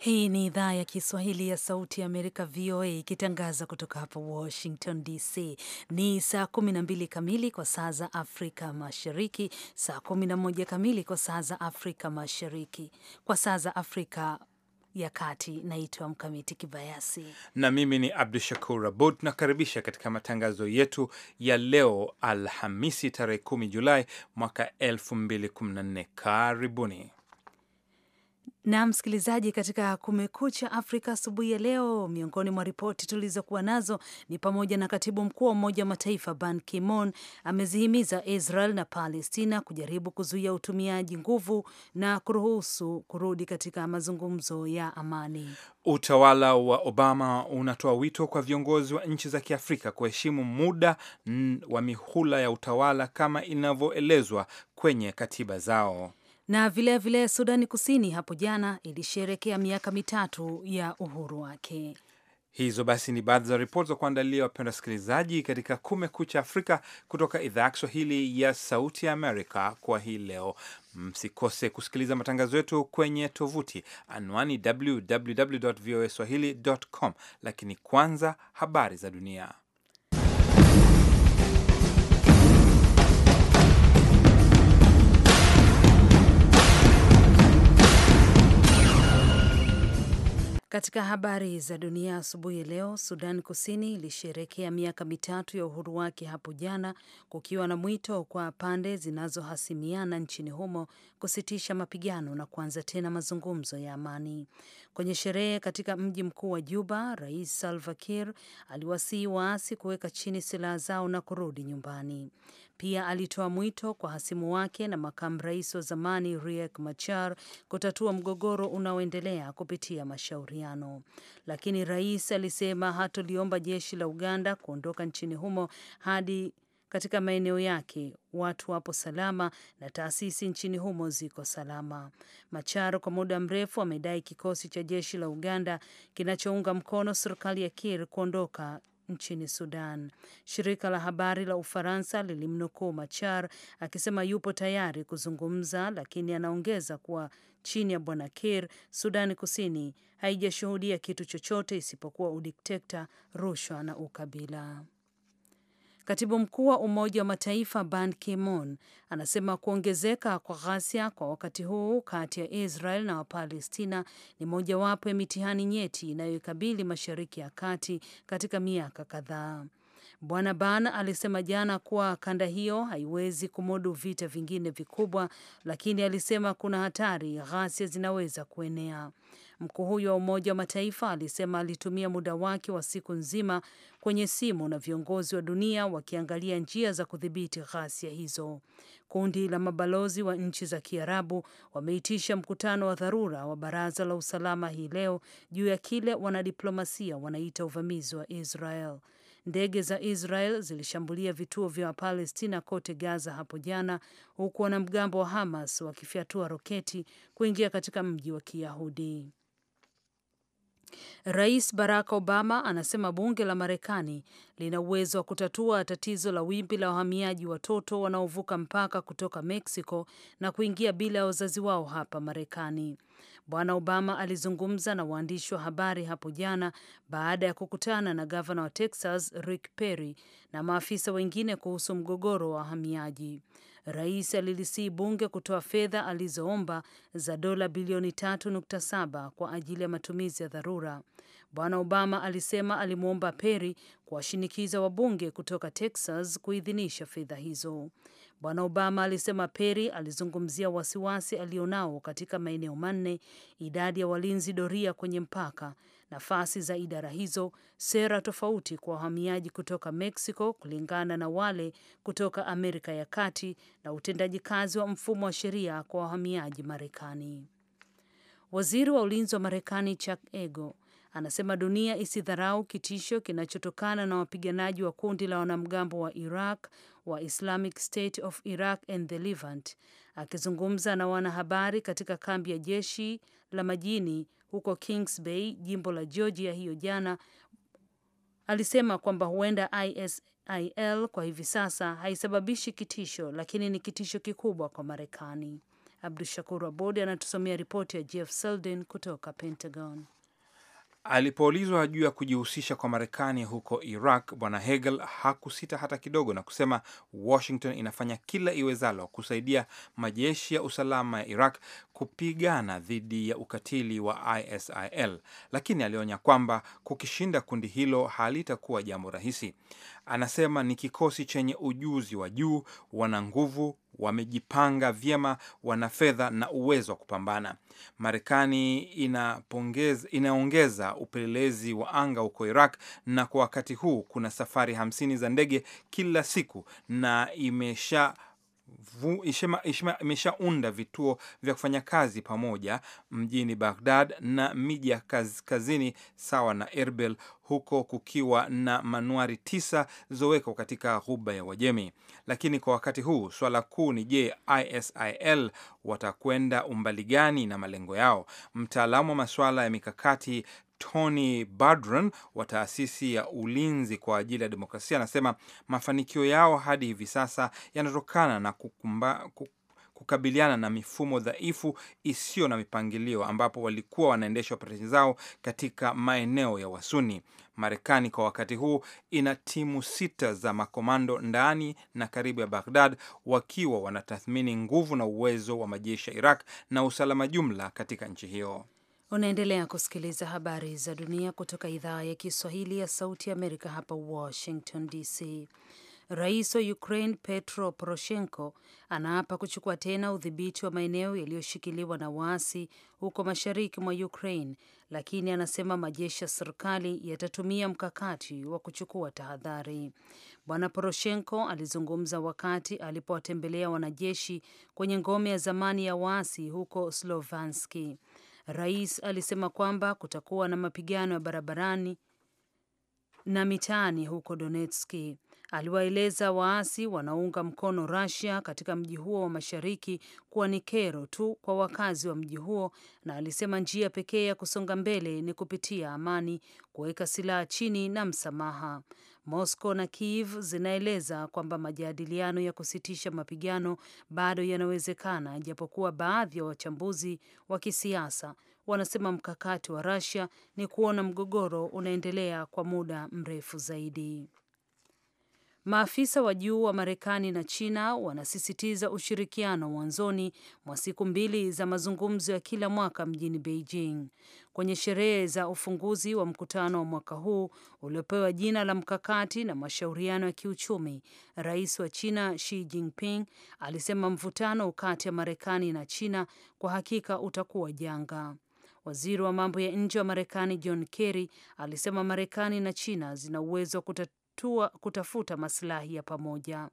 Hii ni idhaa ya Kiswahili ya Sauti ya Amerika, VOA, ikitangaza kutoka hapa Washington DC. Ni saa 12 kamili kwa saa za Afrika Mashariki, saa 11 kamili kwa saa za Afrika Mashariki, kwa saa za Afrika ya kati. Naitwa Mkamiti Kibayasi na mimi ni Abdu Shakur Abud. nakaribisha katika matangazo yetu ya leo Alhamisi, tarehe 10 Julai mwaka 2014. Karibuni na msikilizaji, katika Kumekucha Afrika asubuhi ya leo, miongoni mwa ripoti tulizokuwa nazo ni pamoja na katibu mkuu wa Umoja wa Mataifa Ban Kimon amezihimiza Israel na Palestina kujaribu kuzuia utumiaji nguvu na kuruhusu kurudi katika mazungumzo ya amani. Utawala wa Obama unatoa wito kwa viongozi wa nchi za Kiafrika kuheshimu muda wa mihula ya utawala kama inavyoelezwa kwenye katiba zao. Na vilevile vile Sudani Kusini hapo jana ilisherekea miaka mitatu ya uhuru wake. Hizo basi ni baadhi za ripoti za kuandalia wapenda wasikilizaji, katika Kumekucha Afrika kutoka idhaa ya Kiswahili ya Sauti ya Amerika kwa hii leo. Msikose kusikiliza matangazo yetu kwenye tovuti anwani www voa swahili com, lakini kwanza habari za dunia. Katika habari za dunia asubuhi leo, Sudan Kusini ilisherekea miaka mitatu ya uhuru wake hapo jana, kukiwa na mwito kwa pande zinazohasimiana nchini humo kusitisha mapigano na kuanza tena mazungumzo ya amani. Kwenye sherehe katika mji mkuu wa Juba, Rais Salva Kiir aliwasihi waasi kuweka chini silaha zao na kurudi nyumbani. Pia alitoa mwito kwa hasimu wake na makamu rais wa zamani Riek Machar kutatua mgogoro unaoendelea kupitia mashauriano, lakini rais alisema hatoliomba jeshi la Uganda kuondoka nchini humo hadi katika maeneo yake watu wapo salama na taasisi nchini humo ziko salama. Machar kwa muda mrefu amedai kikosi cha jeshi la Uganda kinachounga mkono serikali ya Kir kuondoka nchini Sudan. Shirika la habari la Ufaransa lilimnukuu Machar akisema yupo tayari kuzungumza, lakini anaongeza kuwa chini ya Bwana Kir, Sudani Kusini haijashuhudia kitu chochote isipokuwa udiktekta, rushwa na ukabila. Katibu mkuu wa Umoja wa Mataifa Ban Ki-moon anasema kuongezeka kwa ghasia kwa wakati huu kati ya Israel na Wapalestina ni mojawapo ya mitihani nyeti inayoikabili Mashariki ya Kati katika miaka kadhaa. Bwana Ban alisema jana kuwa kanda hiyo haiwezi kumudu vita vingine vikubwa, lakini alisema kuna hatari ghasia zinaweza kuenea. Mkuu huyo wa Umoja wa Mataifa alisema alitumia muda wake wa siku nzima kwenye simu na viongozi wa dunia wakiangalia njia za kudhibiti ghasia hizo. Kundi la mabalozi wa nchi za Kiarabu wameitisha mkutano wa dharura wa Baraza la Usalama hii leo juu ya kile wanadiplomasia wanaita uvamizi wa Israel. Ndege za Israel zilishambulia vituo vya Wapalestina kote Gaza hapo jana, huku wanamgambo wa Hamas wakifyatua roketi kuingia katika mji wa Kiyahudi. Rais Barack Obama anasema bunge la Marekani lina uwezo wa kutatua tatizo la wimbi la wahamiaji watoto wanaovuka mpaka kutoka Mexico na kuingia bila ya wazazi wao hapa Marekani. Bwana Obama alizungumza na waandishi wa habari hapo jana baada ya kukutana na gavana wa Texas Rick Perry na maafisa wengine kuhusu mgogoro wa wahamiaji. Rais alilisii bunge kutoa fedha alizoomba za dola bilioni 3.7 kwa ajili ya matumizi ya dharura. Bwana Obama alisema alimwomba Perry kuwashinikiza wabunge kutoka Texas kuidhinisha fedha hizo. Bwana Obama alisema Perry alizungumzia wasiwasi alionao katika maeneo manne: idadi ya walinzi doria kwenye mpaka, nafasi za idara hizo, sera tofauti kwa wahamiaji kutoka Mexico kulingana na wale kutoka Amerika ya Kati, na utendaji kazi wa mfumo wa sheria kwa wahamiaji Marekani. Waziri wa ulinzi wa Marekani Chuck Ego anasema dunia isidharau kitisho kinachotokana na wapiganaji wa kundi la wanamgambo wa Iraq wa Islamic State of Iraq and the Levant. Akizungumza na wanahabari katika kambi ya jeshi la majini huko Kings Bay, jimbo la Georgia hiyo jana, alisema kwamba huenda ISIL kwa hivi sasa haisababishi kitisho, lakini ni kitisho kikubwa kwa Marekani. Abdu Shakur Abod anatusomea ripoti ya Jeff Selden kutoka Pentagon. Alipoulizwa juu ya kujihusisha kwa Marekani huko Iraq, bwana Hegel hakusita hata kidogo na kusema Washington inafanya kila iwezalo kusaidia majeshi ya usalama ya Iraq kupigana dhidi ya ukatili wa ISIL, lakini alionya kwamba kukishinda kundi hilo halitakuwa jambo rahisi. Anasema ni kikosi chenye ujuzi wa juu, wana nguvu, wamejipanga vyema, wana fedha na uwezo wa kupambana. Marekani inaongeza upelelezi wa anga huko Iraq, na kwa wakati huu kuna safari hamsini za ndege kila siku na imesha imeshaunda vituo vya kufanya kazi pamoja mjini Baghdad na miji ya kaskazini sawa na Erbil, huko kukiwa na manuari tisa zilizowekwa katika ghuba ya Uajemi. Lakini kwa wakati huu swala kuu ni je, ISIL watakwenda umbali gani na malengo yao? Mtaalamu wa masuala ya mikakati Tony Badron wa taasisi ya ulinzi kwa ajili ya demokrasia anasema mafanikio yao hadi hivi sasa yanatokana na kukumba, kukabiliana na mifumo dhaifu isiyo na mipangilio ambapo walikuwa wanaendesha operesheni zao katika maeneo ya Wasuni. Marekani kwa wakati huu ina timu sita za makomando ndani na karibu ya Baghdad, wakiwa wanatathmini nguvu na uwezo wa majeshi ya Iraq na usalama jumla katika nchi hiyo. Unaendelea kusikiliza habari za dunia kutoka idhaa ya Kiswahili ya Sauti ya Amerika hapa Washington DC. Rais wa Ukraine Petro Poroshenko anaapa kuchukua tena udhibiti wa maeneo yaliyoshikiliwa na waasi huko mashariki mwa Ukraine, lakini anasema majeshi ya serikali yatatumia mkakati wa kuchukua tahadhari. Bwana Poroshenko alizungumza wakati alipowatembelea wanajeshi kwenye ngome ya zamani ya waasi huko Slovanski. Rais alisema kwamba kutakuwa na mapigano ya barabarani na mitaani huko Donetski aliwaeleza waasi wanaounga mkono Russia katika mji huo wa mashariki kuwa ni kero tu kwa wakazi wa mji huo, na alisema njia pekee ya kusonga mbele ni kupitia amani, kuweka silaha chini na msamaha. Moscow na Kiev zinaeleza kwamba majadiliano ya kusitisha mapigano bado yanawezekana, japokuwa baadhi ya wachambuzi wa kisiasa wanasema mkakati wa Russia ni kuona mgogoro unaendelea kwa muda mrefu zaidi. Maafisa wa juu wa Marekani na China wanasisitiza ushirikiano mwanzoni mwa siku mbili za mazungumzo ya kila mwaka mjini Beijing. Kwenye sherehe za ufunguzi wa mkutano wa mwaka huu uliopewa jina la mkakati na mashauriano ya kiuchumi, rais wa China Xi Jinping alisema mvutano kati ya Marekani na China kwa hakika utakuwa janga. Waziri wa mambo ya nje wa Marekani John Kerry alisema Marekani na China zina uwezo wa kutatua, kutafuta masilahi ya pamoja.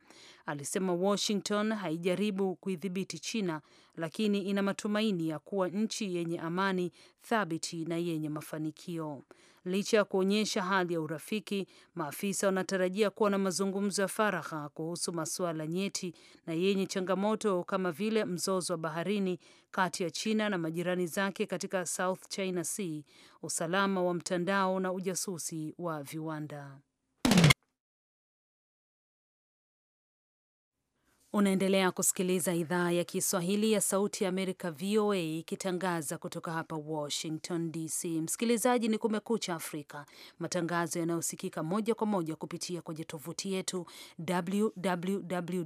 Alisema Washington haijaribu kuidhibiti China, lakini ina matumaini ya kuwa nchi yenye amani thabiti na yenye mafanikio. Licha ya kuonyesha hali ya urafiki, maafisa wanatarajia kuwa na mazungumzo ya faragha kuhusu masuala nyeti na yenye changamoto kama vile mzozo wa baharini kati ya China na majirani zake katika South China Sea, usalama wa mtandao na ujasusi wa viwanda. Unaendelea kusikiliza idhaa ya Kiswahili ya Sauti ya Amerika, VOA, ikitangaza kutoka hapa Washington DC. Msikilizaji, ni Kumekucha Afrika, matangazo yanayosikika moja kwa moja kupitia kwenye tovuti yetu www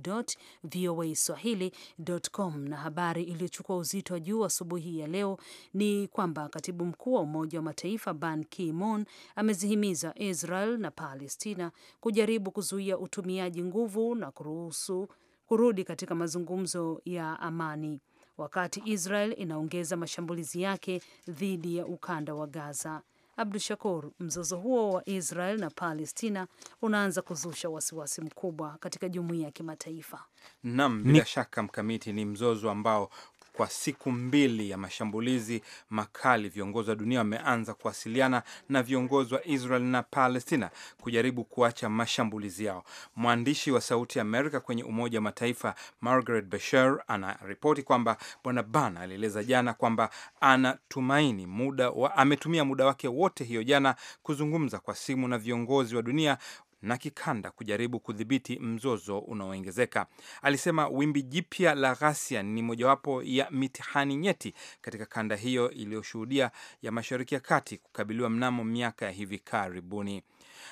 voa swahili.com. Na habari iliyochukua uzito wa juu asubuhi ya leo ni kwamba katibu mkuu wa Umoja wa Mataifa Ban Ki-moon amezihimiza Israel na Palestina kujaribu kuzuia utumiaji nguvu na kuruhusu kurudi katika mazungumzo ya amani wakati Israel inaongeza mashambulizi yake dhidi ya ukanda wa Gaza. Abdu Shakur, mzozo huo wa Israel na Palestina unaanza kuzusha wasiwasi mkubwa katika jumuiya ya kimataifa. Naam, bila shaka Mkamiti, ni mzozo ambao kwa siku mbili ya mashambulizi makali, viongozi wa dunia wameanza kuwasiliana na viongozi wa Israel na Palestina kujaribu kuacha mashambulizi yao. Mwandishi wa Sauti ya Amerika kwenye Umoja wa Mataifa Margaret Besher anaripoti kwamba Bwana Ban alieleza jana kwamba anatumaini muda wa, ametumia muda wake wote hiyo jana kuzungumza kwa simu na viongozi wa dunia na kikanda kujaribu kudhibiti mzozo unaoongezeka. Alisema wimbi jipya la ghasia ni mojawapo ya mitihani nyeti katika kanda hiyo iliyoshuhudia ya Mashariki ya Kati kukabiliwa mnamo miaka ya hivi karibuni.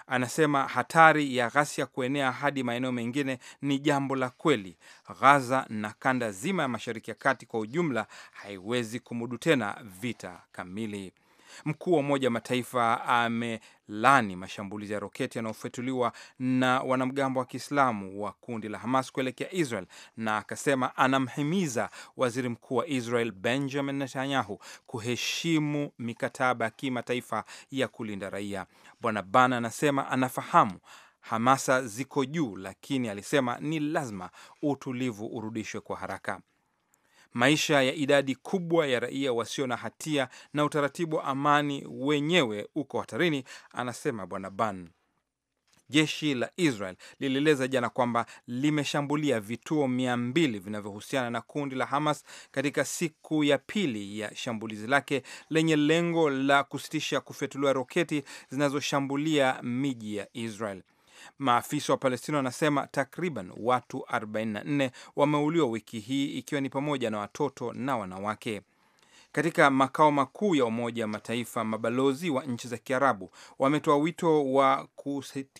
Anasema hatari ya ghasia kuenea hadi maeneo mengine ni jambo la kweli. Ghaza na kanda zima ya Mashariki ya Kati kwa ujumla haiwezi kumudu tena vita kamili. Mkuu wa Umoja wa Mataifa amelani mashambulizi ya roketi yanayofetuliwa na wanamgambo wa Kiislamu wa kundi la Hamas kuelekea Israel na akasema anamhimiza waziri mkuu wa Israel Benjamin Netanyahu kuheshimu mikataba ya kimataifa ya kulinda raia. Bwana Ban anasema anafahamu hamasa ziko juu, lakini alisema ni lazima utulivu urudishwe kwa haraka maisha ya idadi kubwa ya raia wasio na hatia na utaratibu wa amani wenyewe uko hatarini, anasema Bwana Ban. Jeshi la Israel lilieleza jana kwamba limeshambulia vituo mia mbili vinavyohusiana na kundi la Hamas katika siku ya pili ya shambulizi lake lenye lengo la kusitisha kufyatuliwa roketi zinazoshambulia miji ya Israel. Maafisa wa Palestina wanasema takriban watu 44 wameuliwa wiki hii ikiwa ni pamoja na watoto na wanawake. Katika makao makuu ya Umoja wa Mataifa, mabalozi wa nchi za Kiarabu wametoa wito wa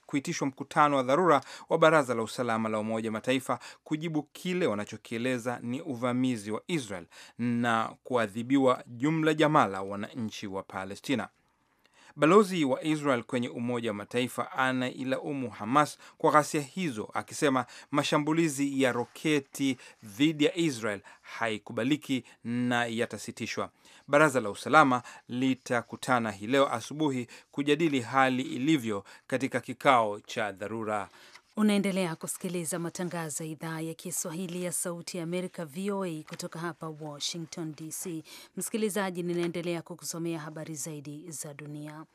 kuitishwa mkutano wa dharura wa Baraza la Usalama la Umoja wa Mataifa kujibu kile wanachokieleza ni uvamizi wa Israel na kuadhibiwa jumla jamala wananchi wa Palestina. Balozi wa Israel kwenye Umoja wa Mataifa anailaumu Hamas kwa ghasia hizo, akisema mashambulizi ya roketi dhidi ya Israel haikubaliki na yatasitishwa. Baraza la Usalama litakutana hii leo asubuhi kujadili hali ilivyo katika kikao cha dharura. Unaendelea kusikiliza matangazo ya idhaa ya Kiswahili ya Sauti ya Amerika, VOA, kutoka hapa Washington DC. Msikilizaji, ninaendelea kukusomea habari zaidi za dunia.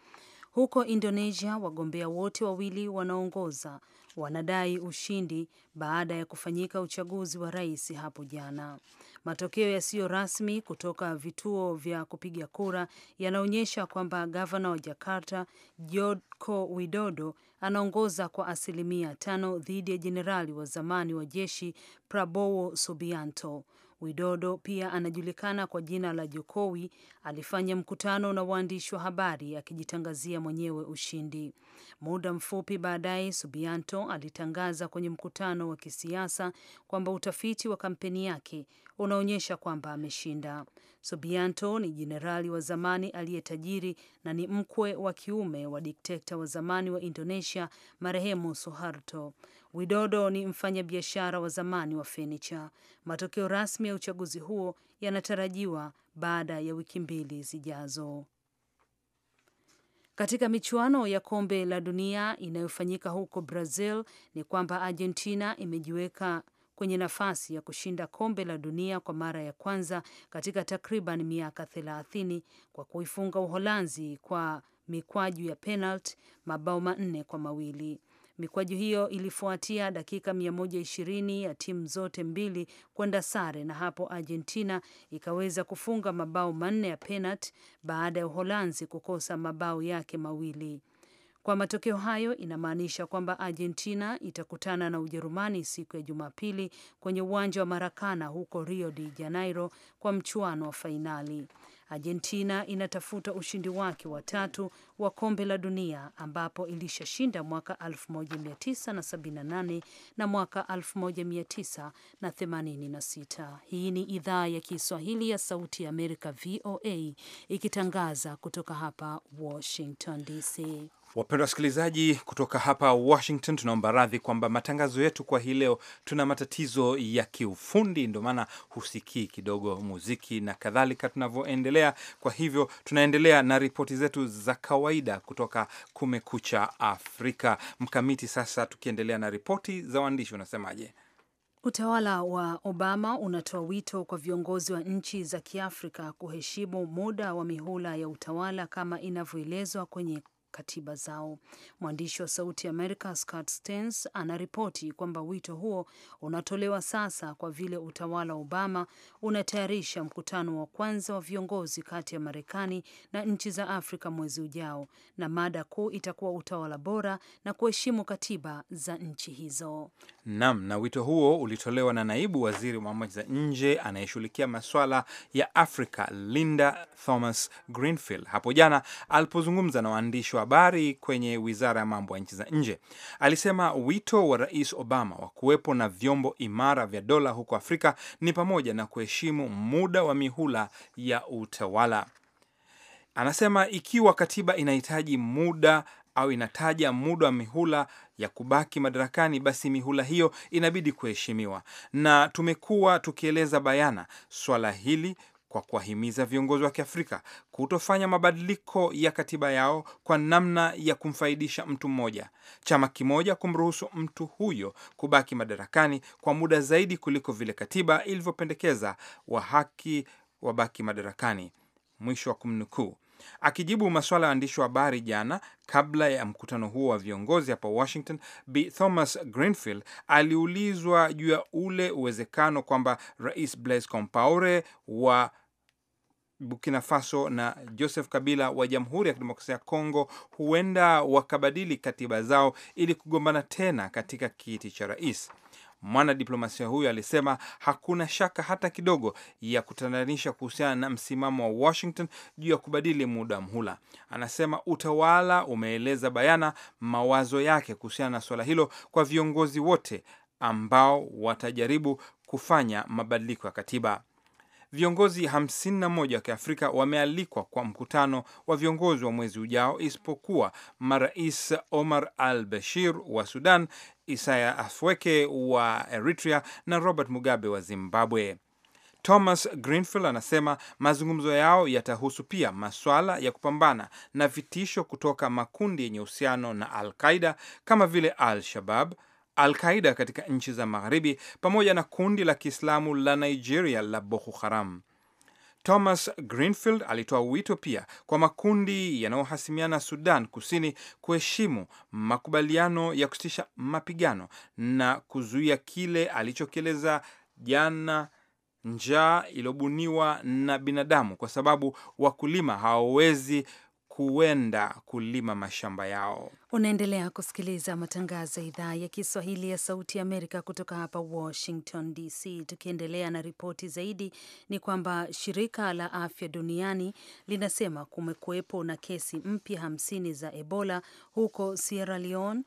Huko Indonesia, wagombea wote wawili wanaongoza wanadai ushindi baada ya kufanyika uchaguzi wa rais hapo jana. Matokeo yasiyo rasmi kutoka vituo vya kupiga kura yanaonyesha kwamba gavana wa Jakarta Joko Widodo anaongoza kwa asilimia tano dhidi ya jenerali wa zamani wa jeshi Prabowo Subianto. Widodo pia anajulikana kwa jina la Jokowi alifanya mkutano na waandishi wa habari akijitangazia mwenyewe ushindi. Muda mfupi baadaye, Subianto alitangaza kwenye mkutano wa kisiasa kwamba utafiti wa kampeni yake unaonyesha kwamba ameshinda. Subianto ni jenerali wa zamani aliyetajiri na ni mkwe wa kiume wa dikteta wa zamani wa Indonesia marehemu Suharto. Widodo ni mfanyabiashara wa zamani wa fenicha. Matokeo rasmi ya uchaguzi huo yanatarajiwa baada ya wiki mbili zijazo. Katika michuano ya kombe la dunia inayofanyika huko Brazil ni kwamba Argentina imejiweka kwenye nafasi ya kushinda kombe la dunia kwa mara ya kwanza katika takriban miaka thelathini kwa kuifunga Uholanzi kwa mikwaju ya penalti mabao manne kwa mawili. Mikwaju hiyo ilifuatia dakika 120 ya timu zote mbili kwenda sare, na hapo Argentina ikaweza kufunga mabao manne ya penalti baada ya Uholanzi kukosa mabao yake mawili. Kwa matokeo hayo inamaanisha kwamba Argentina itakutana na Ujerumani siku ya Jumapili kwenye uwanja wa Marakana huko Rio de Janeiro kwa mchuano wa fainali. Argentina inatafuta ushindi wake wa tatu wa kombe la dunia ambapo ilishashinda mwaka 1978 na mwaka 1986. Hii ni idhaa ya Kiswahili ya Sauti ya Amerika, VOA, ikitangaza kutoka hapa Washington DC. Wapendwa wasikilizaji, kutoka hapa Washington, tunaomba radhi kwamba matangazo yetu kwa hii leo tuna matatizo ya kiufundi, ndio maana husikii kidogo muziki na kadhalika tunavyoendelea. Kwa hivyo tunaendelea na ripoti zetu za kawaida kutoka Kumekucha Afrika. Mkamiti, sasa tukiendelea na ripoti za waandishi, unasemaje? Utawala wa Obama unatoa wito kwa viongozi wa nchi za Kiafrika kuheshimu muda wa mihula ya utawala kama inavyoelezwa kwenye katiba zao. Mwandishi wa Sauti ya Amerika Scott Stens anaripoti kwamba wito huo unatolewa sasa kwa vile utawala wa Obama unatayarisha mkutano wa kwanza wa viongozi kati ya Marekani na nchi za Afrika mwezi ujao, na mada kuu itakuwa utawala bora na kuheshimu katiba za nchi hizo. Nam, na wito huo ulitolewa na naibu waziri wa mambo za nje anayeshughulikia maswala ya Afrika Linda Thomas Greenfield hapo jana alipozungumza na waandishi wa habari kwenye wizara ya mambo ya nchi za nje. Alisema wito wa Rais Obama wa kuwepo na vyombo imara vya dola huko Afrika ni pamoja na kuheshimu muda wa mihula ya utawala. Anasema ikiwa katiba inahitaji muda au inataja muda wa mihula ya kubaki madarakani, basi mihula hiyo inabidi kuheshimiwa. Na tumekuwa tukieleza bayana swala hili kwa kuwahimiza viongozi wa Kiafrika kutofanya mabadiliko ya katiba yao kwa namna ya kumfaidisha mtu mmoja, chama kimoja, kumruhusu mtu huyo kubaki madarakani kwa muda zaidi kuliko vile katiba ilivyopendekeza, wa haki wabaki madarakani. Mwisho wa kumnukuu. Akijibu maswala ya waandishi wa habari jana kabla ya mkutano huo wa viongozi hapa Washington, B. Thomas Greenfield aliulizwa juu ya ule uwezekano kwamba Rais Blaise Compaore wa Burkina Faso na Joseph Kabila wa Jamhuri ya Kidemokrasia ya Kongo huenda wakabadili katiba zao ili kugombana tena katika kiti cha rais. Mwanadiplomasia huyo alisema hakuna shaka hata kidogo ya kutatanisha kuhusiana na msimamo wa Washington juu ya kubadili muda wa mhula. Anasema utawala umeeleza bayana mawazo yake kuhusiana na suala hilo kwa viongozi wote ambao watajaribu kufanya mabadiliko ya katiba. Viongozi 51 wa Kiafrika wamealikwa kwa mkutano wa viongozi wa mwezi ujao, isipokuwa marais Omar Al Bashir wa Sudan, Isaya Afweke wa Eritrea na Robert Mugabe wa Zimbabwe. Thomas Greenfield anasema mazungumzo yao yatahusu pia maswala ya kupambana na vitisho kutoka makundi yenye uhusiano na Al Qaida kama vile Al Shabab, Al-Qaida katika nchi za Magharibi pamoja na kundi la Kiislamu la Nigeria la Boko Haram. Thomas Greenfield alitoa wito pia kwa makundi yanayohasimiana Sudan Kusini kuheshimu makubaliano ya kusitisha mapigano na kuzuia kile alichokieleza jana njaa iliyobuniwa na binadamu kwa sababu wakulima hawawezi kuenda kulima mashamba yao. Unaendelea kusikiliza matangazo ya idhaa ya Kiswahili ya Sauti ya Amerika kutoka hapa Washington DC. Tukiendelea na ripoti zaidi, ni kwamba shirika la afya duniani linasema kumekuwepo na kesi mpya hamsini za Ebola huko Sierra Leone,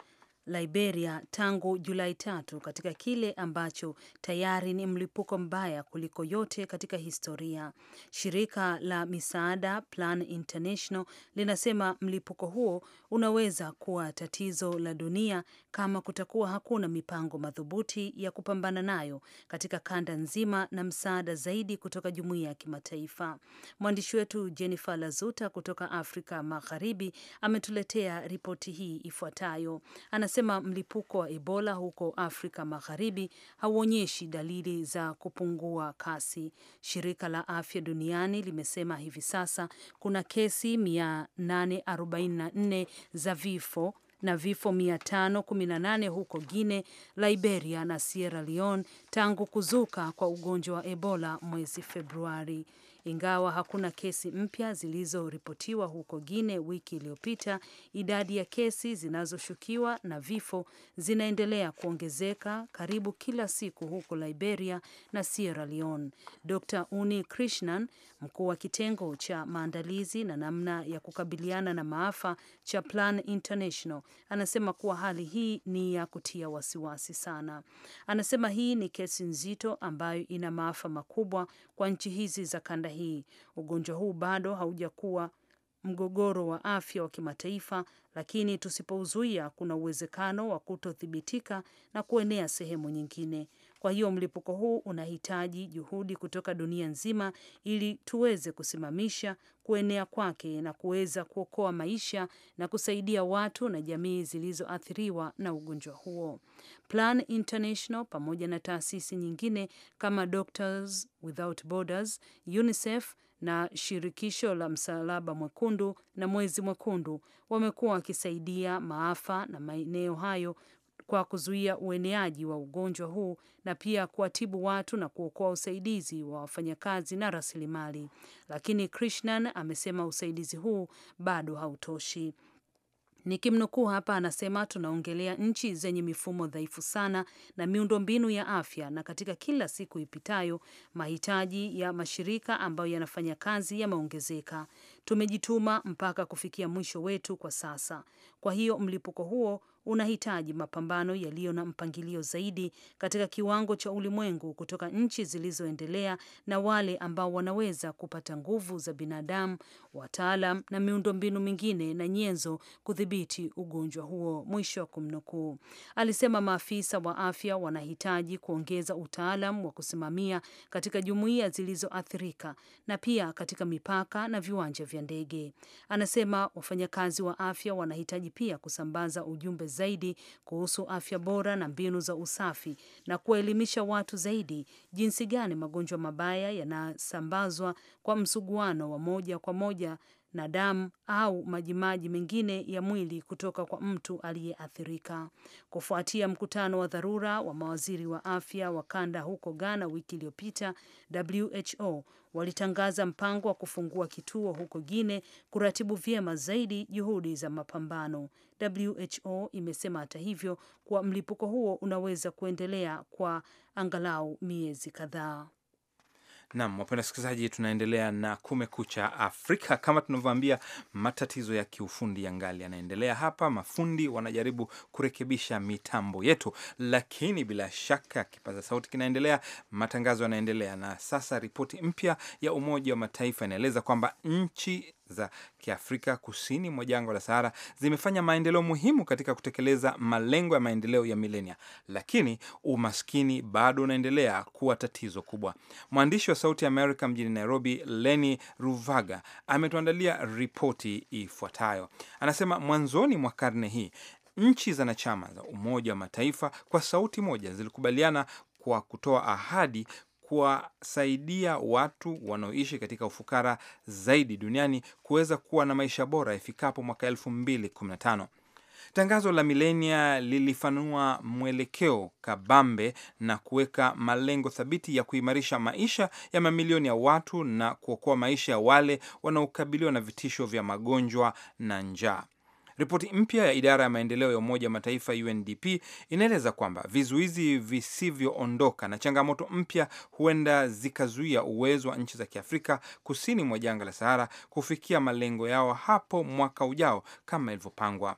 Liberia tangu Julai tatu katika kile ambacho tayari ni mlipuko mbaya kuliko yote katika historia. Shirika la misaada Plan International linasema mlipuko huo unaweza kuwa tatizo la dunia kama kutakuwa hakuna mipango madhubuti ya kupambana nayo katika kanda nzima na msaada zaidi kutoka jumuiya ya kimataifa. Mwandishi wetu Jennifer Lazuta kutoka Afrika Magharibi ametuletea ripoti hii ifuatayo. Anas anasema mlipuko wa Ebola huko Afrika Magharibi hauonyeshi dalili za kupungua kasi. Shirika la Afya Duniani limesema hivi sasa kuna kesi 844 za vifo na vifo 518 huko guine Liberia na Sierra Leone tangu kuzuka kwa ugonjwa wa Ebola mwezi Februari. Ingawa hakuna kesi mpya zilizoripotiwa huko Guine wiki iliyopita, idadi ya kesi zinazoshukiwa na vifo zinaendelea kuongezeka karibu kila siku huko Liberia na Sierra Leone. Dr Uni Krishnan, mkuu wa kitengo cha maandalizi na namna ya kukabiliana na maafa cha Plan International, anasema kuwa hali hii ni ya kutia wasiwasi sana. Anasema hii ni kesi nzito ambayo ina maafa makubwa kwa nchi hizi za kanda hii. Ugonjwa huu bado haujakuwa mgogoro wa afya wa kimataifa, lakini tusipouzuia kuna uwezekano wa kutothibitika na kuenea sehemu nyingine. Kwa hiyo mlipuko huu unahitaji juhudi kutoka dunia nzima ili tuweze kusimamisha kuenea kwake na kuweza kuokoa maisha na kusaidia watu na jamii zilizoathiriwa na ugonjwa huo. Plan International pamoja na taasisi nyingine kama Doctors Without Borders, UNICEF na shirikisho la Msalaba Mwekundu na Mwezi Mwekundu wamekuwa wakisaidia maafa na maeneo hayo kwa kuzuia ueneaji wa ugonjwa huu na pia kuwatibu watu na kuokoa usaidizi wa wafanyakazi na rasilimali. Lakini Krishnan amesema usaidizi huu bado hautoshi. Nikimnukuu hapa, anasema tunaongelea nchi zenye mifumo dhaifu sana na miundo mbinu ya afya, na katika kila siku ipitayo mahitaji ya mashirika ambayo yanafanya kazi yameongezeka. Tumejituma mpaka kufikia mwisho wetu kwa sasa. Kwa hiyo mlipuko huo unahitaji mapambano yaliyo na mpangilio zaidi katika kiwango cha ulimwengu kutoka nchi zilizoendelea na wale ambao wanaweza kupata nguvu za binadamu, wataalam na miundombinu mingine na nyenzo kudhibiti ugonjwa huo, mwisho wa kumnukuu. Alisema maafisa wa afya wanahitaji kuongeza utaalam wa kusimamia katika jumuiya zilizoathirika na pia katika mipaka na viwanja vya vya ndege. Anasema wafanyakazi wa afya wanahitaji pia kusambaza ujumbe zaidi kuhusu afya bora na mbinu za usafi na kuwaelimisha watu zaidi jinsi gani magonjwa mabaya yanasambazwa kwa msuguano wa moja kwa moja na damu au majimaji mengine ya mwili kutoka kwa mtu aliyeathirika. Kufuatia mkutano wa dharura wa mawaziri wa afya wa kanda huko Ghana wiki iliyopita, WHO walitangaza mpango wa kufungua kituo huko Guine kuratibu vyema zaidi juhudi za mapambano. WHO imesema hata hivyo kuwa mlipuko huo unaweza kuendelea kwa angalau miezi kadhaa. Nam wapenda wasikilizaji, tunaendelea na Kumekucha Afrika. Kama tunavyoambia, matatizo ya kiufundi ya ngali yanaendelea hapa, mafundi wanajaribu kurekebisha mitambo yetu, lakini bila shaka kipaza sauti kinaendelea, matangazo yanaendelea. Na sasa ripoti mpya ya Umoja wa Mataifa inaeleza kwamba nchi za Kiafrika kusini mwa jangwa la Sahara zimefanya maendeleo muhimu katika kutekeleza malengo ya maendeleo ya milenia, lakini umaskini bado unaendelea kuwa tatizo kubwa. Mwandishi wa Sauti ya Amerika mjini Nairobi, Leni Ruvaga, ametuandalia ripoti ifuatayo. Anasema mwanzoni mwa karne hii nchi zanachama za Umoja wa Mataifa kwa sauti moja zilikubaliana kwa kutoa ahadi kuwasaidia watu wanaoishi katika ufukara zaidi duniani kuweza kuwa na maisha bora ifikapo mwaka tano. Tangazo la milenia lilifanua mwelekeo kabambe na kuweka malengo thabiti ya kuimarisha maisha ya mamilioni ya watu na kuokoa maisha ya wale wanaokabiliwa na vitisho vya magonjwa na njaa. Ripoti mpya ya idara ya maendeleo ya Umoja Mataifa UNDP inaeleza kwamba vizuizi visivyoondoka na changamoto mpya huenda zikazuia uwezo wa nchi za Kiafrika kusini mwa jangwa la Sahara kufikia malengo yao hapo mwaka ujao kama ilivyopangwa.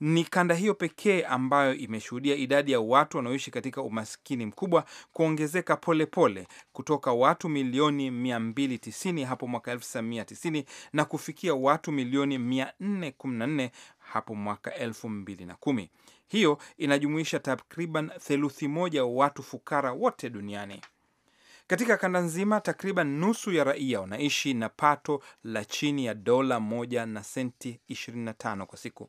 Ni kanda hiyo pekee ambayo imeshuhudia idadi ya watu wanaoishi katika umaskini mkubwa kuongezeka polepole pole, kutoka watu milioni 290 hapo mwaka 1990 na kufikia watu milioni 414 hapo mwaka 2010. Hiyo inajumuisha takriban theluthi moja wa watu fukara wote duniani. Katika kanda nzima takriban nusu ya raia wanaishi na pato la chini ya dola moja na senti 25 kwa siku.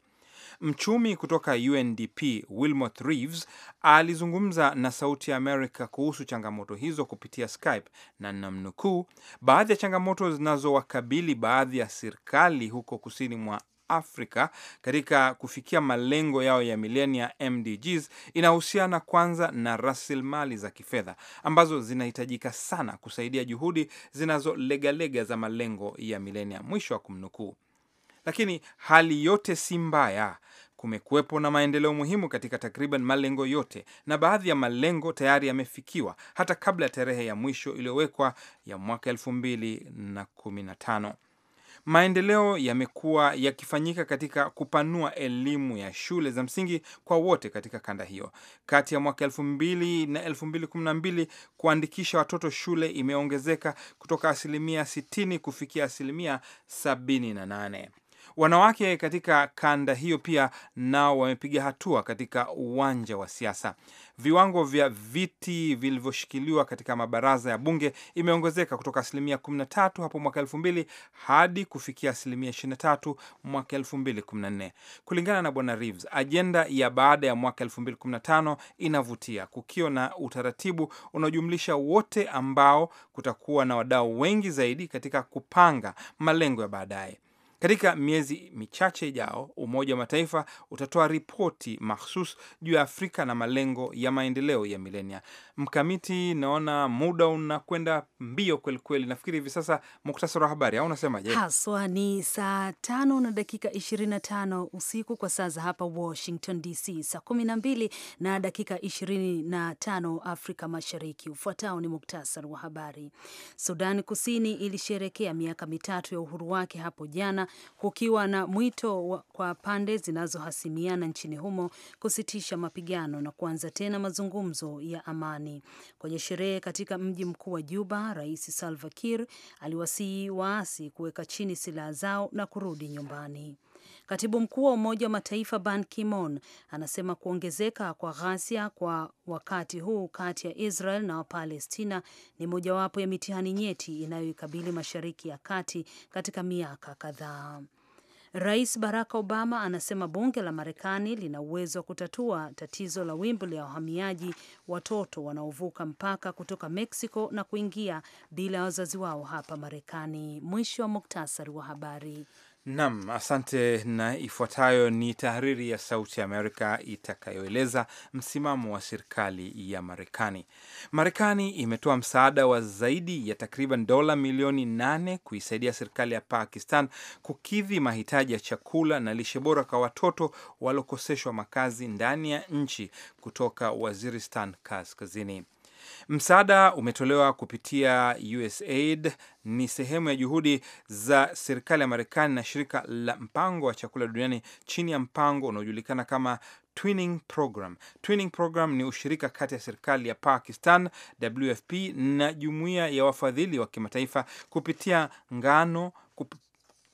Mchumi kutoka UNDP Wilmot Reeves alizungumza na Sauti ya Amerika kuhusu changamoto hizo kupitia Skype na namnukuu, baadhi ya changamoto zinazowakabili baadhi ya serikali huko kusini mwa Afrika katika kufikia malengo yao ya milenia MDGs inahusiana kwanza na rasilimali za kifedha ambazo zinahitajika sana kusaidia juhudi zinazolegalega za malengo ya milenia. Mwisho wa kumnukuu lakini hali yote si mbaya. Kumekuwepo na maendeleo muhimu katika takriban malengo yote, na baadhi ya malengo tayari yamefikiwa hata kabla ya tarehe ya mwisho iliyowekwa ya mwaka tano. Maendeleo yamekuwa yakifanyika katika kupanua elimu ya shule za msingi kwa wote katika kanda hiyo. Kati ya mwaka elfu mbili na elfu mbili kumi na mbili kuandikisha watoto shule imeongezeka kutoka asilimia 60 kufikia asilimia 78. Wanawake katika kanda hiyo pia nao wamepiga hatua katika uwanja wa siasa. Viwango vya viti vilivyoshikiliwa katika mabaraza ya bunge imeongezeka kutoka asilimia 13 hapo mwaka 2000 hadi kufikia asilimia 23 mwaka 2014. Kulingana na Bwana Reeves, ajenda ya baada ya mwaka 2015 inavutia, kukiwa na utaratibu unaojumlisha wote ambao kutakuwa na wadau wengi zaidi katika kupanga malengo ya baadaye. Katika miezi michache ijao, Umoja wa Mataifa utatoa ripoti mahsus juu ya Afrika na malengo ya maendeleo ya milenia. Mkamiti, naona muda unakwenda mbio kwelikweli. Nafikiri hivi sasa muktasari wa habari, au unasemaje? Haswa ni saa tano na dakika 25 usiku kwa saa za hapa Washington DC, saa kumi na mbili na dakika 25 Afrika Mashariki. Ufuatao ni muktasari wa habari. Sudani Kusini ilisherekea miaka mitatu ya uhuru wake hapo jana kukiwa na mwito kwa pande zinazohasimiana nchini humo kusitisha mapigano na kuanza tena mazungumzo ya amani. Kwenye sherehe katika mji mkuu wa Juba, Rais Salva Kiir aliwasihi waasi kuweka chini silaha zao na kurudi nyumbani. Katibu mkuu wa Umoja wa Mataifa Ban Ki-moon anasema kuongezeka kwa ghasia kwa wakati huu kati ya Israel na Wapalestina ni mojawapo ya mitihani nyeti inayoikabili Mashariki ya Kati katika miaka kadhaa. Rais Barack Obama anasema bunge la Marekani lina uwezo wa kutatua tatizo la wimbi la wahamiaji watoto wanaovuka mpaka kutoka Mexico na kuingia bila ya wazazi wao hapa Marekani. Mwisho wa muktasari wa habari. Nam, asante. Na ifuatayo ni tahariri ya Sauti ya Amerika itakayoeleza msimamo wa serikali ya Marekani. Marekani imetoa msaada wa zaidi ya takriban dola milioni nane kuisaidia serikali ya Pakistan kukidhi mahitaji ya chakula na lishe bora kwa watoto waliokoseshwa makazi ndani ya nchi kutoka Waziristan Kaskazini. Msaada umetolewa kupitia USAID, ni sehemu ya juhudi za serikali ya Marekani na shirika la mpango wa chakula duniani chini ya mpango unaojulikana kama Twinning Program. Twinning Program ni ushirika kati ya serikali ya Pakistan, WFP, na jumuiya ya wafadhili wa kimataifa kupitia ngano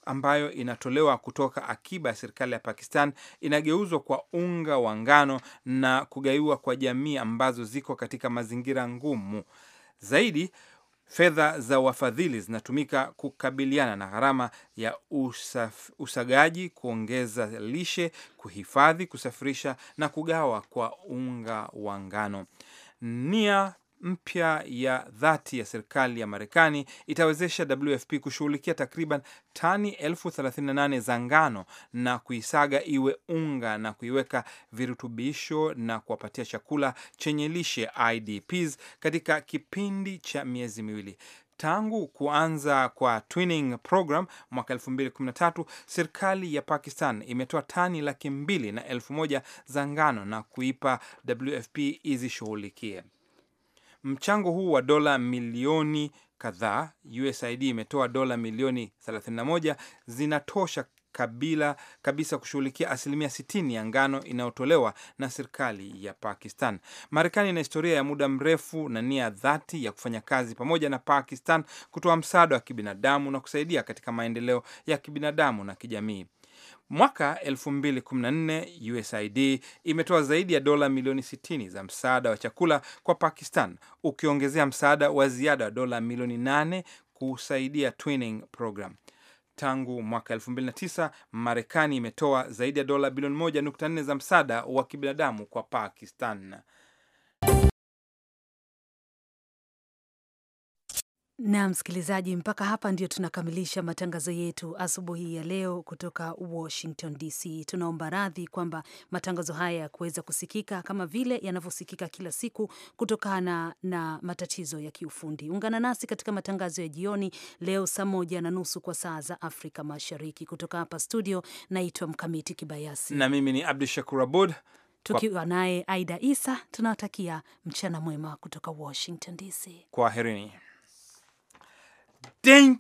ambayo inatolewa kutoka akiba ya serikali ya Pakistan inageuzwa kwa unga wa ngano na kugaiwa kwa jamii ambazo ziko katika mazingira ngumu zaidi. Fedha za wafadhili zinatumika kukabiliana na gharama ya usaf, usagaji, kuongeza lishe, kuhifadhi, kusafirisha na kugawa kwa unga wa ngano. Nia mpya ya dhati ya serikali ya Marekani itawezesha WFP kushughulikia takriban tani elfu 38 za ngano na kuisaga iwe unga na kuiweka virutubisho na kuwapatia chakula chenye lishe IDPs katika kipindi cha miezi miwili. Tangu kuanza kwa twinning program mwaka 2013 serikali ya Pakistan imetoa tani laki mbili na elfu moja za ngano na kuipa WFP izishughulikie. Mchango huu wa dola milioni kadhaa, USAID imetoa dola milioni 31 zinatosha kabila kabisa kushughulikia asilimia 60 ya ngano inayotolewa na serikali ya Pakistan. Marekani ina historia ya muda mrefu na nia dhati ya kufanya kazi pamoja na Pakistan kutoa msaada wa kibinadamu na kusaidia katika maendeleo ya kibinadamu na kijamii. Mwaka 2014 USAID imetoa zaidi ya dola milioni 60 za msaada wa chakula kwa Pakistan, ukiongezea msaada wa ziada wa dola milioni 8 kusaidia twinning program. Tangu mwaka 2009 Marekani imetoa zaidi ya dola bilioni 1.4 za msaada wa kibinadamu kwa Pakistan. na msikilizaji, mpaka hapa ndio tunakamilisha matangazo yetu asubuhi ya leo kutoka Washington DC. Tunaomba radhi kwamba matangazo haya yakuweza kusikika kama vile yanavyosikika kila siku kutokana na matatizo ya kiufundi. Ungana nasi katika matangazo ya jioni leo saa moja na nusu kwa saa za Afrika Mashariki. Kutoka hapa studio, naitwa Mkamiti Kibayasi na mimi ni Abdu Shakur Abud tukiwa naye Aida Isa. Tunawatakia mchana mwema kutoka Washington DC. Kwaherini. Ding